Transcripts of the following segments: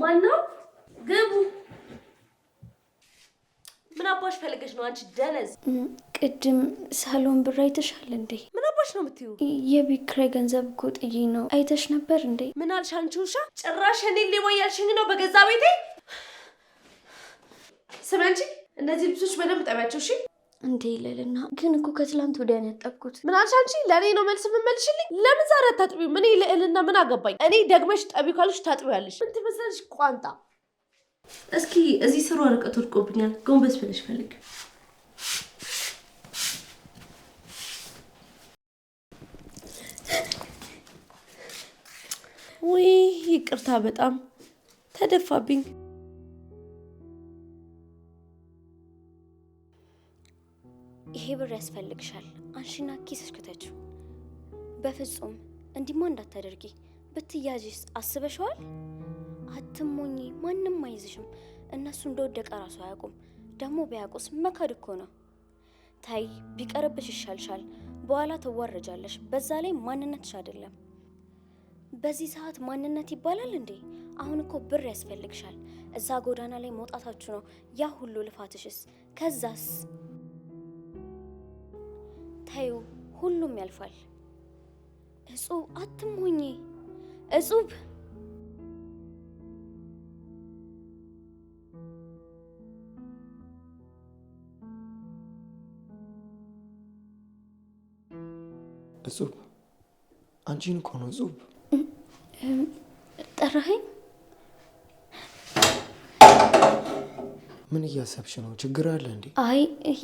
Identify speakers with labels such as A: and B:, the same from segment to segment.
A: ማነው? ግቡ። ምን አባሽ ፈልገሽ ነው አንቺ ደነዝ?
B: ቅድም ሳሎን ብር አይተሻል እንዴ?
A: ምን አባሽ ነው የምትይው?
B: የቤት ኪራይ ገንዘብ እኮ ጥዬ ነው። አይተሽ ነበር እንዴ?
A: ምን አልሽ አንቺ ውሻ? ጭራሽ እኔን ሌባ እያልሽኝ ነው በገዛ ቤቴ። ስሚ አንቺ፣ እነዚህ ልብሶች በደንብ ጠቢያቸው እሺ
B: እንዴ ይለልና ግን እኮ ከትላንት ወዲያ ነው ያጠብኩት።
A: ምን አልሽ አንቺ? ለእኔ ነው መልስ የምመልሽልኝ? ለምን ዛሬ አታጥቢው? እኔ ልዕልና ምን አገባኝ? እኔ ደግመሽ ጠቢ ካልሽ ታጥቢያለሽ። ምን ትመስላለሽ? ቋንጣ።
C: እስኪ እዚህ ስሩ፣ ወረቀቱ ወድቆብኛል። ጎንበስ ብለሽ ፈልግ።
A: ውይ ይቅርታ፣ በጣም ተደፋብኝ።
B: ያስፈልግሻል። አንሽና ኪስሽ ክተችው። በፍጹም እንዲማ እንዳታደርጊ። ብትያዥስ አስበሸዋል? አትሞኝ፣ ማንም አይዝሽም። እነሱ እንደወደቀ ራሱ አያውቁም። ደግሞ ቢያውቁስ መካድ እኮ ነው። ታይ፣ ቢቀርብሽ ይሻልሻል። በኋላ ትዋረጃለሽ። በዛ ላይ ማንነትሽ አይደለም። በዚህ ሰዓት ማንነት ይባላል እንዴ? አሁን እኮ ብር ያስፈልግሻል። እዛ ጎዳና ላይ መውጣታችሁ ነው ያ ሁሉ ልፋትሽስ። ከዛስ ተዩ ሁሉም ያልፋል። እጹብ አትሞኚ እጹብ።
D: እጹብ አንቺን እኮ ነው እጹብ። ጠራኸኝ? ምን እያሰብሽ ነው? ችግር አለ እንዴ?
B: አይ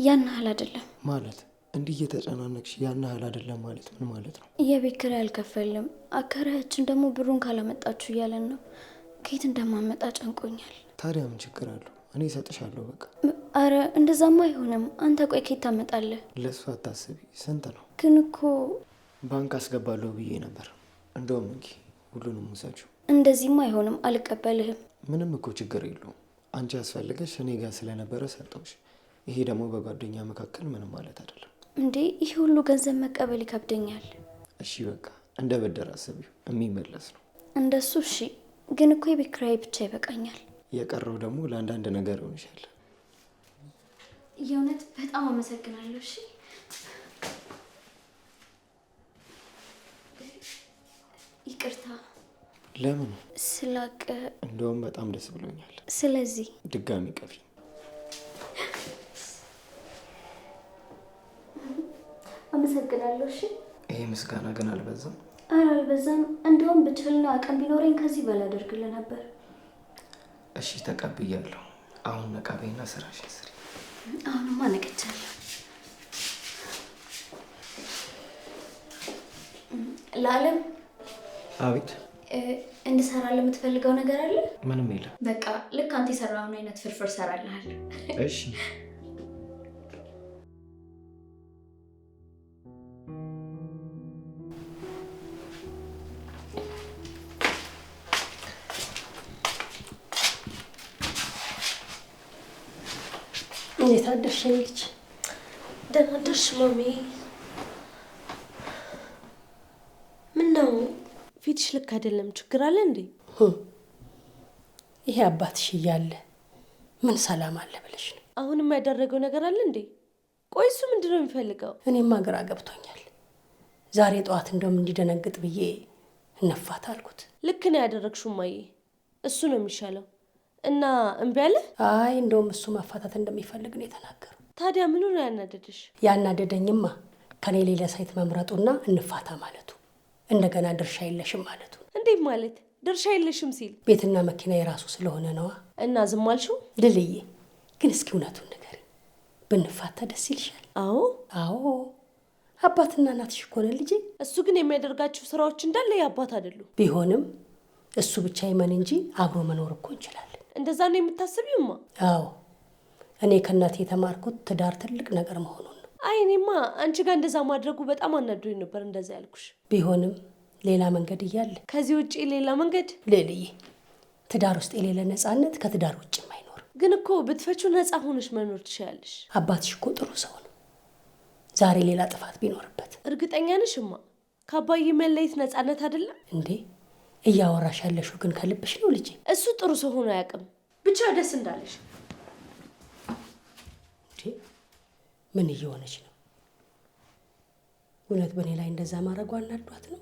B: ያን ያህል አይደለም
D: ማለት እንዲህ እየተጨናነቅሽ ያን ያህል አይደለም ማለት ምን ማለት ነው?
B: የቤት ኪራይ አልከፈልም፣ አከራያችን ደግሞ ብሩን ካላመጣችሁ እያለን ነው። ከየት እንደማመጣ ጨንቆኛል።
D: ታዲያ ምን ችግር አለው? እኔ እሰጥሻለሁ በቃ።
B: አረ እንደዛማ አይሆንም። አንተ ቆይ ከየት ታመጣለህ?
D: ለሱ አታስቢ። ስንት ነው ግን? እኮ ባንክ አስገባለሁ ብዬ ነበር። እንደውም እንኪ ሁሉንም ውሰጂው።
B: እንደዚህማ አይሆንም፣ አልቀበልህም።
D: ምንም እኮ ችግር የለውም። አንቺ ያስፈልገሽ እኔ ጋር ስለነበረ ሰጠውሽ። ይሄ ደግሞ በጓደኛ መካከል ምንም ማለት አይደለም።
B: እንዴ ይህ ሁሉ ገንዘብ መቀበል ይከብደኛል።
D: እሺ በቃ እንደ ብድር አስቢው፣ የሚመለስ ነው።
B: እንደሱ እሺ፣ ግን እኮ የቤት ኪራይ ብቻ ይበቃኛል።
D: የቀረው ደግሞ ለአንዳንድ ነገር ይሆንሻል።
B: የእውነት በጣም አመሰግናለሁ። እሺ ይቅርታ። ለምን ስላቅ?
D: እንደውም በጣም ደስ ብሎኛል። ስለዚህ ድጋሚ ቀፊ
B: አመሰግናለሁ። እሺ
D: ይሄ ምስጋና ግን አልበዛም?
B: አረ አልበዛም። እንደውም ብችልና አቅም ቢኖረኝ ከዚህ በላይ አደርግልህ ነበር።
D: እሺ ተቀብያለሁ። አሁን ነቃ ስራሽ ስራሽን ስሪ።
B: አሁንማ ነቅቻለሁ። ለአለም አቤት እንድሰራ ለምትፈልገው ነገር አለ? ምንም የለም። በቃ ልክ አንተ የሰራውን አይነት ፍርፍር ሰራልሃል።
D: እሺ
E: እንዴት አደርሽ ልጅ?
B: ደህና አደርሽ ማሚ? ምን ነው ፊትሽ ልክ አይደለም። ችግር አለ እንዴ?
E: ይሄ አባትሽ እያለ ምን ሰላም አለ ብለሽ ነው?
B: አሁንም ያደረገው ነገር አለ እንዴ? ቆይ እሱ ምንድን ነው የሚፈልገው?
E: እኔማ ግራ ገብቶኛል። ዛሬ ጠዋት እንደውም እንዲደነግጥ ብዬ እነፋት አልኩት።
B: ልክ ነው ያደረግሽው እማዬ፣ እሱ ነው የሚሻለው። እና እምቢ አለ?
E: አይ እንደውም እሱ መፋታት እንደሚፈልግ ነው የተናገሩ።
B: ታዲያ ምኑ ነው ያናደደሽ?
E: ያናደደኝማ ከኔ ሌላ ሳይት መምረጡና እንፋታ ማለቱ እንደገና ድርሻ የለሽም ማለቱ።
B: እንዴት ማለት ድርሻ የለሽም ሲል?
E: ቤትና መኪና የራሱ ስለሆነ ነዋ።
B: እና ዝም አልሽው?
E: ግን እስኪ እውነቱን ንገሪ፣ ብንፋታ ደስ ይልሻል? አዎ አዎ፣ አባትና እናትሽ እኮ ነን ልጄ።
B: እሱ ግን የሚያደርጋቸው ስራዎች እንዳለ የአባት አይደሉም።
E: ቢሆንም እሱ ብቻ ይመን እንጂ አብሮ መኖር እኮ እንችላለን።
B: እንደዛ ነው የምታስቢውማ?
E: አዎ እኔ ከእናቴ የተማርኩት ትዳር ትልቅ ነገር መሆኑን ነው።
B: አይ እኔማ አንቺ ጋር እንደዛ ማድረጉ በጣም አናዶኝ ነበር እንደዛ ያልኩሽ።
E: ቢሆንም ሌላ መንገድ እያለ
B: ከዚህ ውጭ ሌላ መንገድ
E: ልልይ ትዳር ውስጥ የሌለ ነፃነት ከትዳር ውጭም አይኖርም።
B: ግን እኮ ብትፈቹ ነፃ ሆነሽ መኖር ትችላለሽ።
E: አባትሽ እኮ ጥሩ ሰው ነው። ዛሬ ሌላ ጥፋት ቢኖርበት
B: እርግጠኛ ነሽ እማ? ከአባዬ መለየት ነፃነት አይደለም
E: እንዴ? እያወራሽ ያለሽው ግን ከልብሽ ነው ልጄ?
B: እሱ ጥሩ ሰው ሆኖ አያውቅም። ብቻ ደስ እንዳለሽ።
E: ምን እየሆነች ነው? እውነት በእኔ ላይ እንደዛ ማድረጓ አናዷት ነው?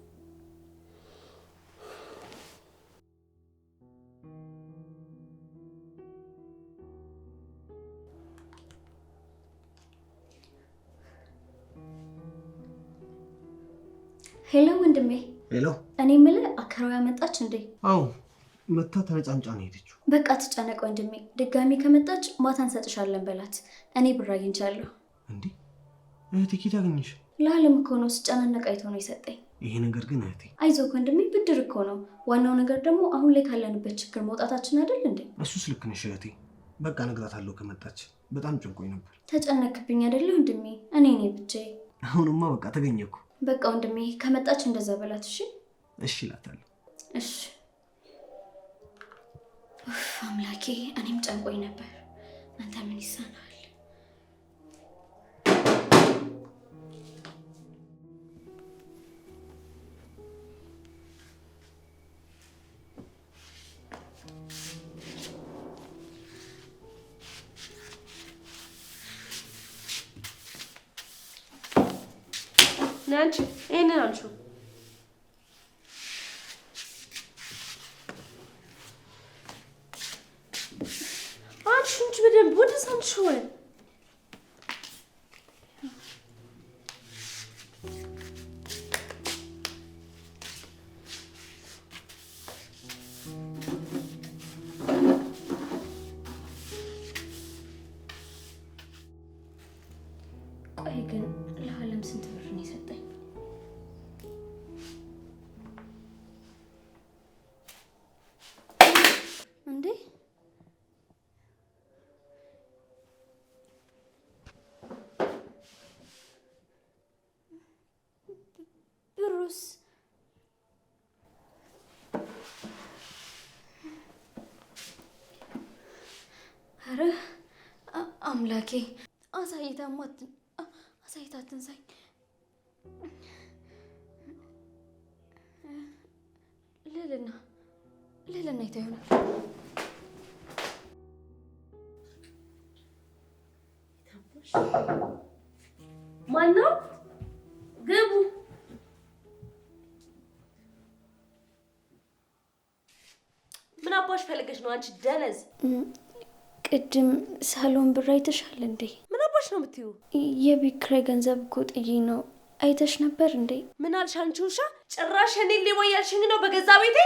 B: ሄሎ ወንድሜ ሄሎ፣ እኔ የምልህ አከራዋ መጣች እንዴ?
D: አዎ መታ ተነጫንጫ ነው ሄደችው።
B: በቃ ትጨነቅ ወንድሜ፣ ድጋሚ ከመጣች ማታ እንሰጥሻለን በላት። እኔ ብር አግኝቻለሁ።
D: እንዴ እህቴ ኬት አገኘሽ?
B: ለአለም እኮ ነው ስጨናነቅ አይቶ ነው የሰጠኝ።
D: ይሄ ነገር ግን እህቴ፣
B: አይዞህ ወንድሜ፣ ብድር እኮ ነው። ዋናው ነገር ደግሞ አሁን ላይ ካለንበት ችግር መውጣታችን አይደል እንዴ?
D: እሱስ ልክ ነሽ እህቴ። በቃ እነግራታለሁ ከመጣች። በጣም ጭንቆኝ ነበር።
B: ተጨነክብኝ አይደለ ወንድሜ? እኔ እኔ ብቻዬ።
D: አሁንማ በቃ ተገኘኩ
B: በቃ ወንድሜ ከመጣች እንደዛ በላት። እሺ እሺ እላታለሁ። እሺ አምላኬ፣ እኔም ጨንቆኝ ነበር። አንተ ምን ይሳናል? ነይ አንቺ ይሄንን አልሽው አምላኬ አሳይታ አሳይታ ትንሳኝ። ልልና ልልና ይታ ይሆናል
A: ማነው? ግቡ ምን አባሽ ፈልገሽ ነው አንቺ ደነዝ
B: ቅድም ሳሎን ብር አይተሻል እንዴ?
A: ምን አባሽ ነው የምትዩ?
B: የቤት ኪራይ ገንዘብ እኮ ጥዬ ነው። አይተሽ ነበር እንዴ?
A: ምን አልሽ አንቺ ውሻ? ጭራሽ እኔን ሌባ እያልሽኝ ነው በገዛ ቤቴ።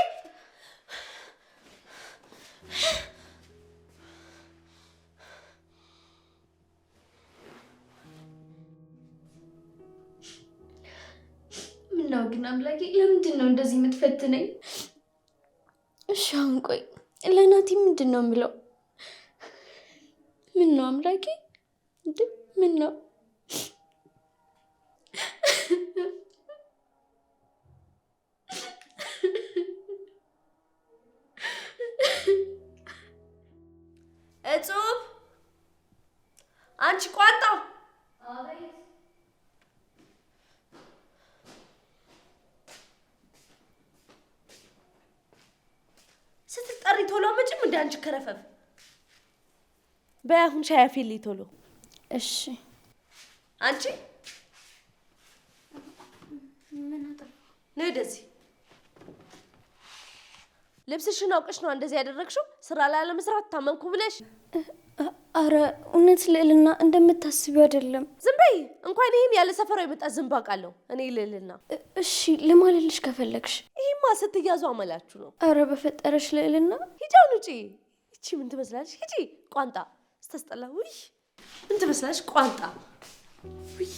B: ምነው ግን አምላኬ፣ ለምንድን ነው እንደዚህ የምትፈትነኝ? እሺ አሁን ቆይ ለናቲ ምንድን ነው የምለው? ምን ነው አምላኬ? እንዴ ምን ነው
A: እጹብ፣ አንቺ ስትጠሪ ቶሎ መጭም እንደ አንቺ ከረፈፍ በአሁን ሻይ አፍይልኝ ቶሎ። እሺ አንቺ ነው ወደዚህ። ልብስሽን አውቀሽ ነው እንደዚህ ያደረግሽው? ስራ ላለመስራት ታመምኩ ብለሽ?
B: አረ እውነት ልዕልና እንደምታስቢው አይደለም።
A: ዝም በይ። እንኳን ይህን ያለ ሰፈራ የመጣ ዝንብ አውቃለሁ እኔ ልዕልና።
B: እሺ ልማልልሽ ከፈለግሽ።
A: ይህማ ስትያዙ አመላችሁ ነው።
B: አረ በፈጠረሽ ልዕልና
A: ሂጂ፣ አሁን ውጪ። ይቺ ምን ትመስላለች? ሂጂ ቋንጣ ስታስጠላ። ውይ ምን ትመስላለች ቋንጣ። ውይ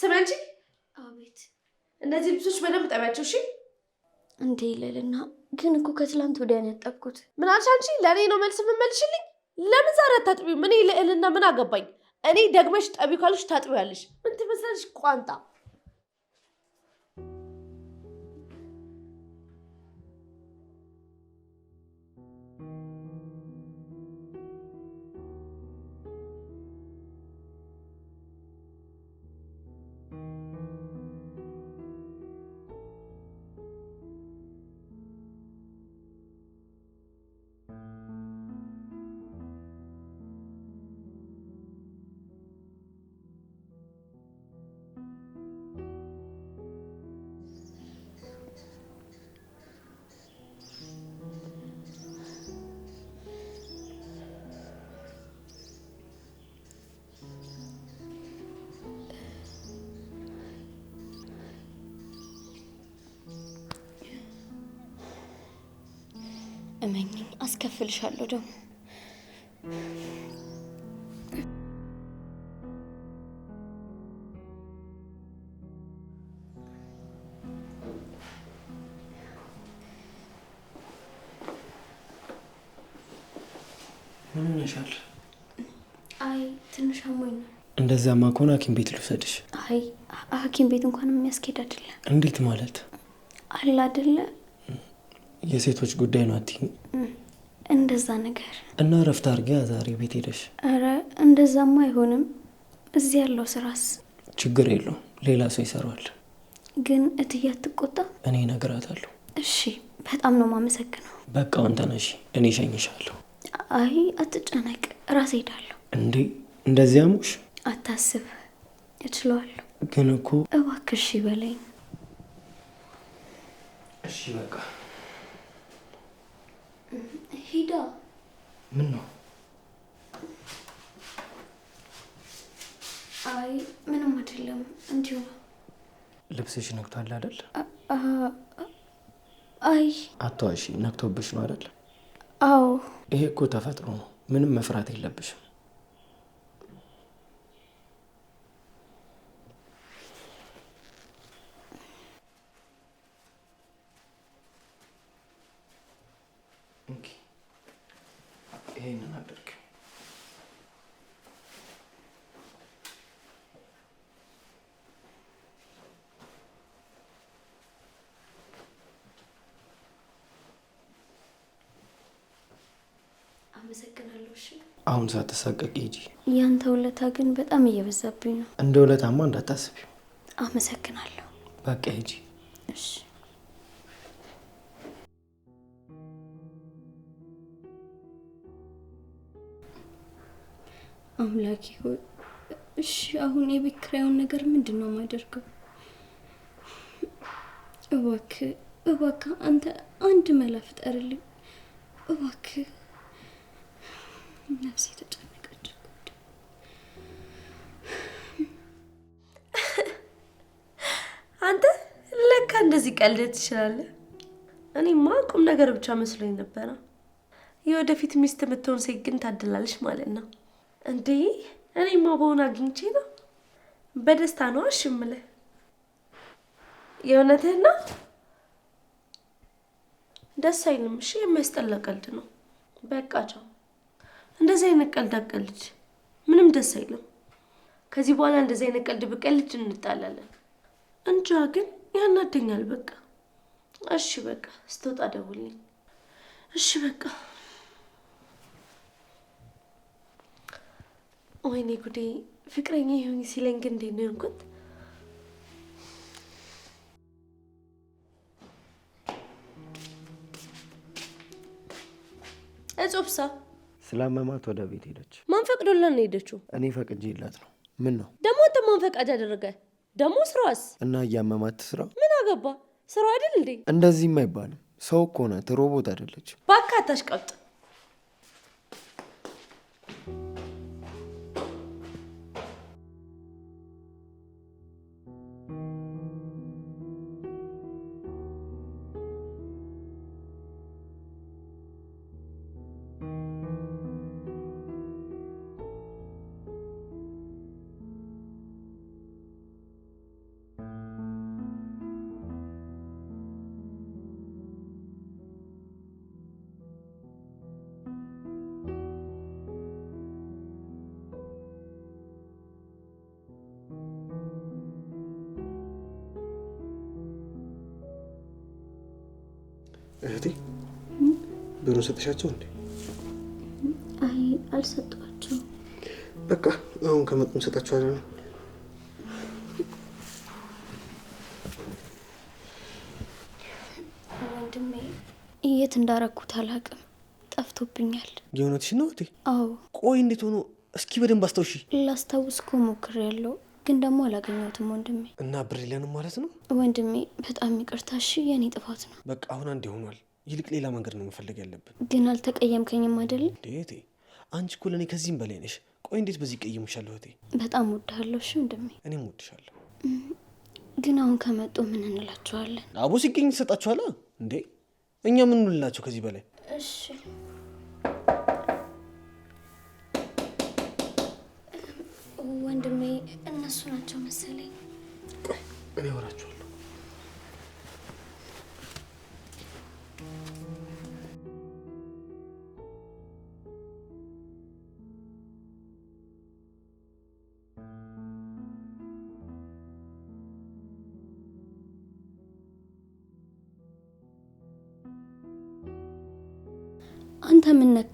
A: ስሚ አንቺ። አቤት። እነዚህ ልብሶች በደንብ ጠቢያቸው። እሺ
B: እንዴ ይለልና ግን እኮ ከትላንት ወዲያ ነው ያጠብኩት።
A: ምን አልሽ አንቺ? ለእኔ ነው መልስ የምመልሽልኝ? ለምን ዛሬ አታጥቢው? እኔ ልዕልና ምን አገባኝ? እኔ ደግመሽ ጠቢው ካልሽ ታጥቢያለሽ። ምን ትመስላለሽ ቋንጣ
B: እመኝኝ፣ አስከፍልሻለሁ ደግሞ ይሻል አይ፣ ትንሽ አሞኝ ነው።
D: እንደዚያማ ከሆነ ሐኪም ቤት ልውሰድሽ።
B: አይ ሐኪም ቤት እንኳን የሚያስኬድ አይደለም።
D: እንዴት ማለት አለ አይደለ የሴቶች ጉዳይ ነው አትይኝ
B: እንደዛ ነገር
D: እና እረፍት አድርጊያ ዛሬ ቤት ሄደሽ።
B: ኧረ እንደዛማ አይሆንም። እዚህ ያለው ስራስ
D: ችግር የለውም ሌላ ሰው ይሰራዋል።
B: ግን እትዬ አትቆጣ።
D: እኔ እነግራታለሁ።
B: እሺ በጣም ነው የማመሰግነው።
D: በቃ አሁን ተነሺ፣ እኔ እሸኝሻለሁ።
B: አይ አትጨነቅ፣ ራሴ ሄዳለሁ።
D: እንዴ እንደዚያ ሙሽ
B: አታስብ፣ እችለዋለሁ። ግን እኮ እባክሽ በለኝ። እሺ በቃ ሄዳ ምን ነው? አይ ምንም አይደለም፣ እንዲሁ ነው።
D: ልብስሽ ነግቷል አይደል? አይ አቷሺ ነግቶብሽ ነው አይደል? አዎ። ይሄ እኮ ተፈጥሮ ነው። ምንም መፍራት የለብሽም።
B: አመሰግናለሁ።
D: አሁን ሳትሳቀቂ ሂጂ።
B: ያንተ ውለታ ግን በጣም እየበዛብኝ ነው።
D: እንደ ውለታማ እንዳታስቢ።
B: አመሰግናለሁ። በቃ ሂጂ። አምላኪ ሆይ እሺ፣ አሁን የቤት ኪራዩን ነገር ምንድን ነው የማደርገው? እባክህ እባክህ አንተ አንድ መላ ፍጠርልኝ እባክህ። ነፍሴ ተጨነቀች። አንተ ለካ እንደዚህ ቀልድ ትችላለህ። እኔማ ቁም ነገር ብቻ መስሎኝ ነበረ። የወደፊት ሚስት የምትሆን ሴት ግን ታድላለች ማለት ነው እንዴ? እኔማ በሆነ አግኝቼ ነው በደስታ ነው እሺ የምልህ። ደስ አይልም። እሺ የሚያስጠላ ቀልድ ነው። በቃ ቻው። እንደዚህ አይነት ቀልድ አቀልድ ምንም ደስ አይለም። ከዚህ በኋላ እንደዚህ አይነት ቀልድ ብቀልድ እንጣላለን። እንጃ ግን ያናደኛል። በቃ እሺ፣ በቃ ስትወጣ ደውልኝ። እሺ፣ በቃ ወይኔ ጉዴ! ፍቅረኛ ይሁን ሲለኝ ግን እንዴት ነው የሆንኩት?
A: እጹብሳ
D: ስላመማት ወደ ቤት ሄደች።
A: ማን ፈቅዶላት ነው ሄደችው?
D: እኔ ፈቅጄላት ነው። ምን ነው
A: ደግሞ አንተ ማን ፈቃድ አደረገ? ደግሞ ስራዋስ?
D: እና እያመማት ስራ
A: ምን አገባ? ስራው አይደል እንዴ?
D: እንደዚህም አይባልም። ሰው እኮ ናት፣ ሮቦት አይደለች።
A: እባክህ አታሽቀብጥ።
D: እህቴ ብሩን ሰጥሻቸው እንዴ?
B: አይ አልሰጧቸውም።
D: በቃ አሁን ከመጡ እንሰጣቸዋለን ነው።
B: ወንድሜ የት እንዳረኩት አላውቅም፣ ጠፍቶብኛል።
D: የእውነትሽ ነው እህቴ? አዎ። ቆይ እንዴት ሆኖ እስኪ በደንብ አስታውሺ።
B: ላስታውስ እኮ ሞክሬያለሁ ግን ደግሞ አላገኘሁትም ወንድሜ።
D: እና ብሬለንም ማለት ነው
B: ወንድሜ? በጣም ይቅርታ። እሺ የእኔ ጥፋት ነው።
D: በቃ አሁን አንድ ይሆኗል። ይልቅ ሌላ መንገድ ነው መፈለግ ያለብን።
B: ግን አልተቀየምከኝም አይደል?
D: እንዴት አንቺ እኮ ለእኔ ከዚህም በላይ ነሽ። ቆይ እንዴት በዚህ ቀየምሻለሁ? እህቴ
B: በጣም ወድሃለሁ። እሺ ወንድሜ፣
D: እኔም ወድሻለሁ።
B: ግን አሁን ከመጡ ምን እንላቸዋለን?
D: አቦ ሲገኝ ይሰጣችኋላ እንዴ? እኛ ምን እንላቸው ከዚህ በላይ?
B: እሺ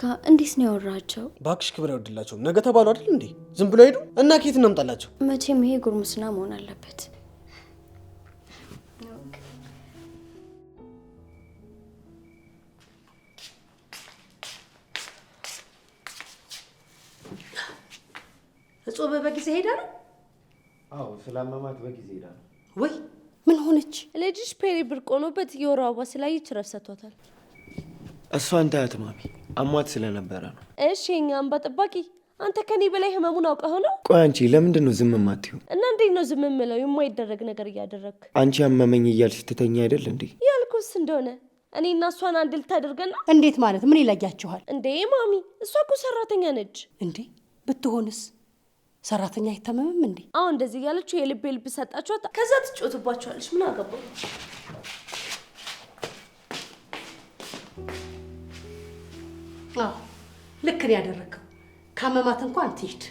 B: ጋር እንዴት ነው ያወራቸው?
D: እባክሽ ክብር ያወድላቸው። ነገ ተባሉ አይደል እንዴ? ዝም ብሎ ሄዱ እና ከየት እናምጣላቸው?
B: መቼም ይሄ ጉርምስና መሆን አለበት።
A: እጾበ በጊዜ ሄዳ ነው።
D: አዎ ስላመማት በጊዜ ሄዳ ነው።
A: ወይ ምን ሆነች?
B: ልጅሽ ፔሪ ብርቅ ሆኖበት የወር አበባ ስላየች ረፍሰቷታል።
D: እሷ ታያት ማሚ አሟት ስለነበረ ነው።
A: እሺ የኛም በጥባቂ አንተ ከኔ በላይ ህመሙን አውቀህ ነው።
D: ቆይ አንቺ ለምንድን ነው ዝም ማትይው?
A: እና እንዴት ነው ዝም ምለው? የማይደረግ ነገር እያደረግክ
D: አንቺ አመመኝ እያልሽ ትተኛ አይደል እንዴ?
A: ያልኩስ እንደሆነ እኔ እና እሷን አንድ ልታደርገን ነው። እንዴት ማለት ምን ይለያችኋል እንዴ? ማሚ እሷ እኮ ሰራተኛ ነች እንዴ? ብትሆንስ ሰራተኛ አይታመምም እንዴ? አሁን እንደዚህ እያለችው የልብ የልብ ሰጣችኋት፣ ከዛ ትጮትባችኋለች። ምን አገባ አዎ ልክ ነው ያደረግከው። ካመማት እንኳን ትሂድ።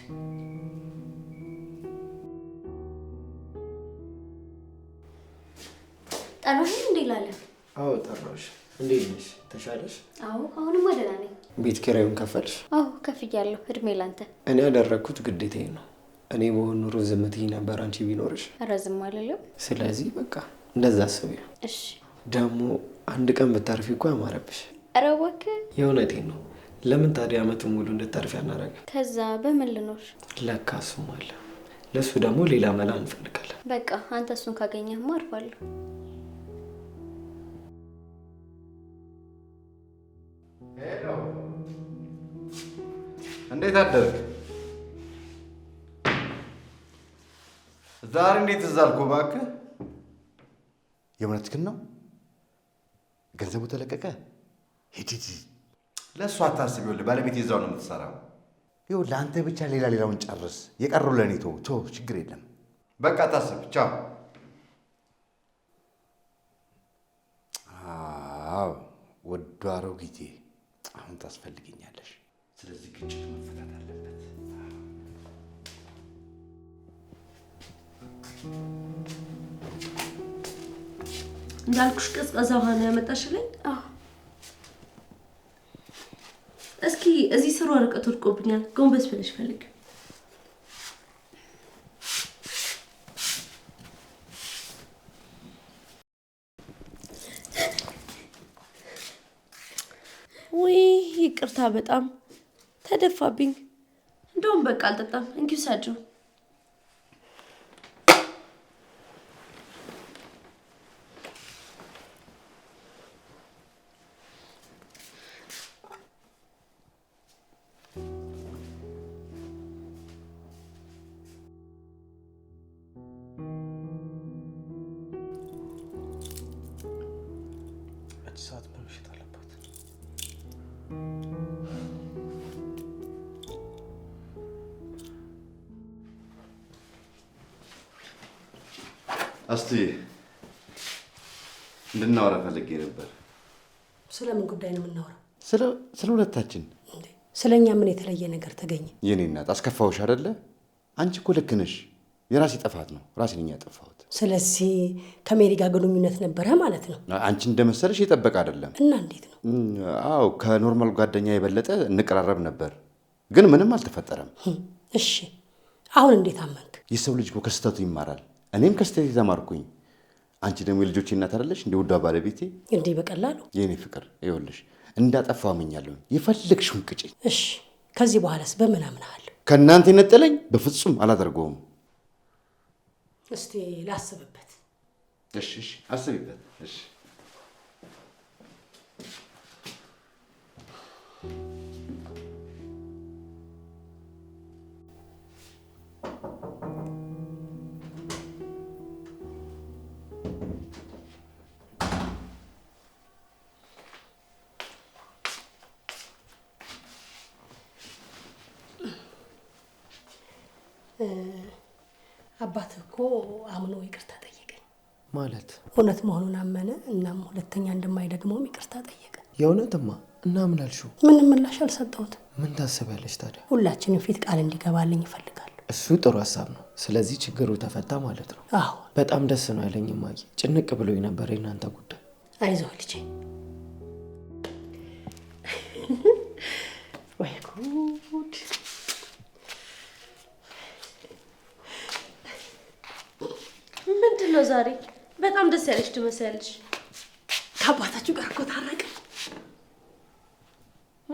B: ጠራሽኝ እንዴ? እላለን።
D: አዎ ጠራሁሽ። እንዴት ነሽ? ተሻለሽ?
B: አዎ አሁንማ ደህና ነኝ።
D: ቤት ኪራዩን ከፈልሽ?
B: አዎ ከፍያለሁ። እድሜ ላንተ።
D: እኔ ያደረግኩት ግዴታ ነው። እኔ በሆን ኑሮ ዝም ትይ ነበር አንቺ ቢኖርሽ።
B: ኧረ ዝም አልልም።
D: ስለዚህ በቃ እንደዛ አስቢው። እሺ ደግሞ አንድ ቀን ብታርፊ እኮ ያማረብሽ።
B: ኧረ እባክህ
D: የእውነቴን ነው ለምን ታዲያ አመት ሙሉ እንድታርፊ አናረግም?
B: ከዛ በምን ልኖር?
D: ለካ እሱም አለ። ለእሱ ደግሞ ሌላ መላ እንፈልጋለን።
B: በቃ አንተ እሱን ካገኘ አርፋለሁ።
F: እንዴት አደረግ? ዛሬ እንዴት እዛ አልኩህ እባክህ።
D: ግን ነው ገንዘቡ ተለቀቀ? ሂድ ሂድ
F: ለእሷ አታስብ። ይኸውልህ ባለቤት የዛው ነው የምትሰራው።
D: ይኸውልህ አንተ ብቻ ሌላ ሌላውን ጨርስ፣ የቀረው ለእኔ ተወው። ቶ ችግር የለም
F: በቃ አታስብ። ቻው።
D: አዎ ወዶ አሮጊቴ አሁን ታስፈልገኛለሽ። ስለዚህ ግጭት መፈታት አለበት።
A: እንዳልኩሽ ቀዝቀዛ ውሃ ነው ያመጣሽልኝ። እዚህ ስሩ ወረቀት ወድቆብኛል። ጎንበስ ብለሽ ፈልግ። ውይ ይቅርታ፣ በጣም ተደፋብኝ። እንደውም በቃ አልጠጣም። እንኪው ሳጅው
F: አስቲ እንድናወራ ፈልጌ ነበር።
A: ስለምን ጉዳይ ነው የምናወራው?
D: ስለ ሁለታችን።
A: ስለ እኛ ምን የተለየ ነገር ተገኘ?
D: የኔ እናት አስከፋውሽ አይደለ? አንቺ እኮ ልክ ነሽ። የራሴ ጥፋት ነው፣ ራሴ ነኝ ያጠፋሁት።
A: ስለዚህ ከሜሪ ጋር ግንኙነት ነበረ ማለት ነው?
D: አንቺ እንደመሰለሽ የጠበቀ አይደለም። እና እንዴት ነው? አዎ ከኖርማል ጓደኛ የበለጠ እንቀራረብ ነበር፣ ግን ምንም አልተፈጠረም።
A: እሺ አሁን እንዴት አመንክ?
D: የሰው ልጅ እኮ ከስህተቱ ይማራል። እኔም ከስተት የተማርኩኝ አንቺ ደግሞ የልጆች እናት አይደለሽ? እንደ ውዷ ባለቤቴ
A: እንዲህ በቀላሉ
D: የእኔ ፍቅር ይኸውልሽ እንዳጠፋሁ አምኛለሁ። የፈለግሽውን ቅጪ።
A: እሺ፣ ከዚህ በኋላስ በምን አምናለሁ?
D: ከእናንተ የነጠለኝ በፍጹም አላደርገውም።
A: እስቲ ላስብበት።
F: እሺ፣ እሺ፣ አስቢበት። እሺ
A: አባት እኮ አምኖ ይቅርታ ጠየቀኝ ማለት እውነት መሆኑን አመነ። እናም ሁለተኛ እንደማይደግመውም ይቅርታ ጠየቀ።
D: የእውነትማ እና ምን አልሽው?
A: ምን ምላሽ አልሰጠሁትም።
D: ምን ታስቢያለሽ ታዲያ?
A: ሁላችንም ፊት ቃል እንዲገባልኝ ይፈልጋል።
D: እሱ ጥሩ ሀሳብ ነው። ስለዚህ ችግሩ ተፈታ ማለት ነው። አዎ በጣም ደስ ነው ያለኝ ማየ። ጭንቅ ብሎኝ ነበር የእናንተ ጉዳይ።
A: አይዞህ ልጄ ነው ዛሬ? በጣም ደስ ያለሽ ትመስያለች። ከአባታችሁ ጋር እኮ ታረቀ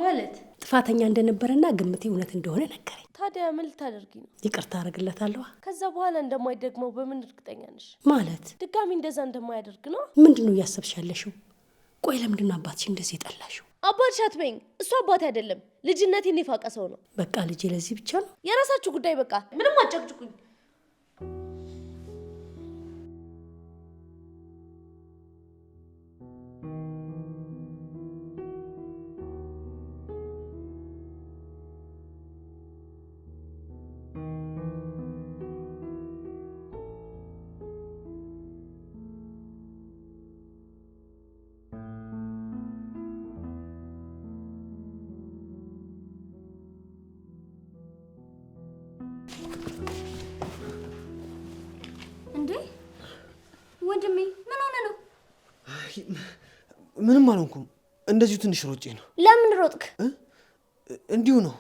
A: ማለት ጥፋተኛ እንደነበረና ግምቴ እውነት እንደሆነ ነገረኝ።
B: ታዲያ ምን ልታደርጊ ነው?
A: ይቅርታ አደርግለታለሁ።
B: ከዛ በኋላ እንደማይደግመው በምን እርግጠኛ ነሽ? ማለት ድጋሚ እንደዛ እንደማያደርግ ነው።
A: ምንድን ነው እያሰብሽ ያለሽው? ቆይ ለምንድን ነው አባትሽ እንደዚህ የጠላሽው?
B: አባትሽ አትበይኝ። እሱ አባት አይደለም፣ ልጅነቴን የፋቀ ሰው ነው።
A: በቃ ልጄ ለዚህ ብቻ ነው
B: የራሳችሁ ጉዳይ። በቃ
A: ምንም አጨቅጭቁኝ።
D: ምንም አልሆንኩም። እንደዚሁ ትንሽ ሮጬ ነው። ለምን ሮጥክ? እንዲሁ ነው።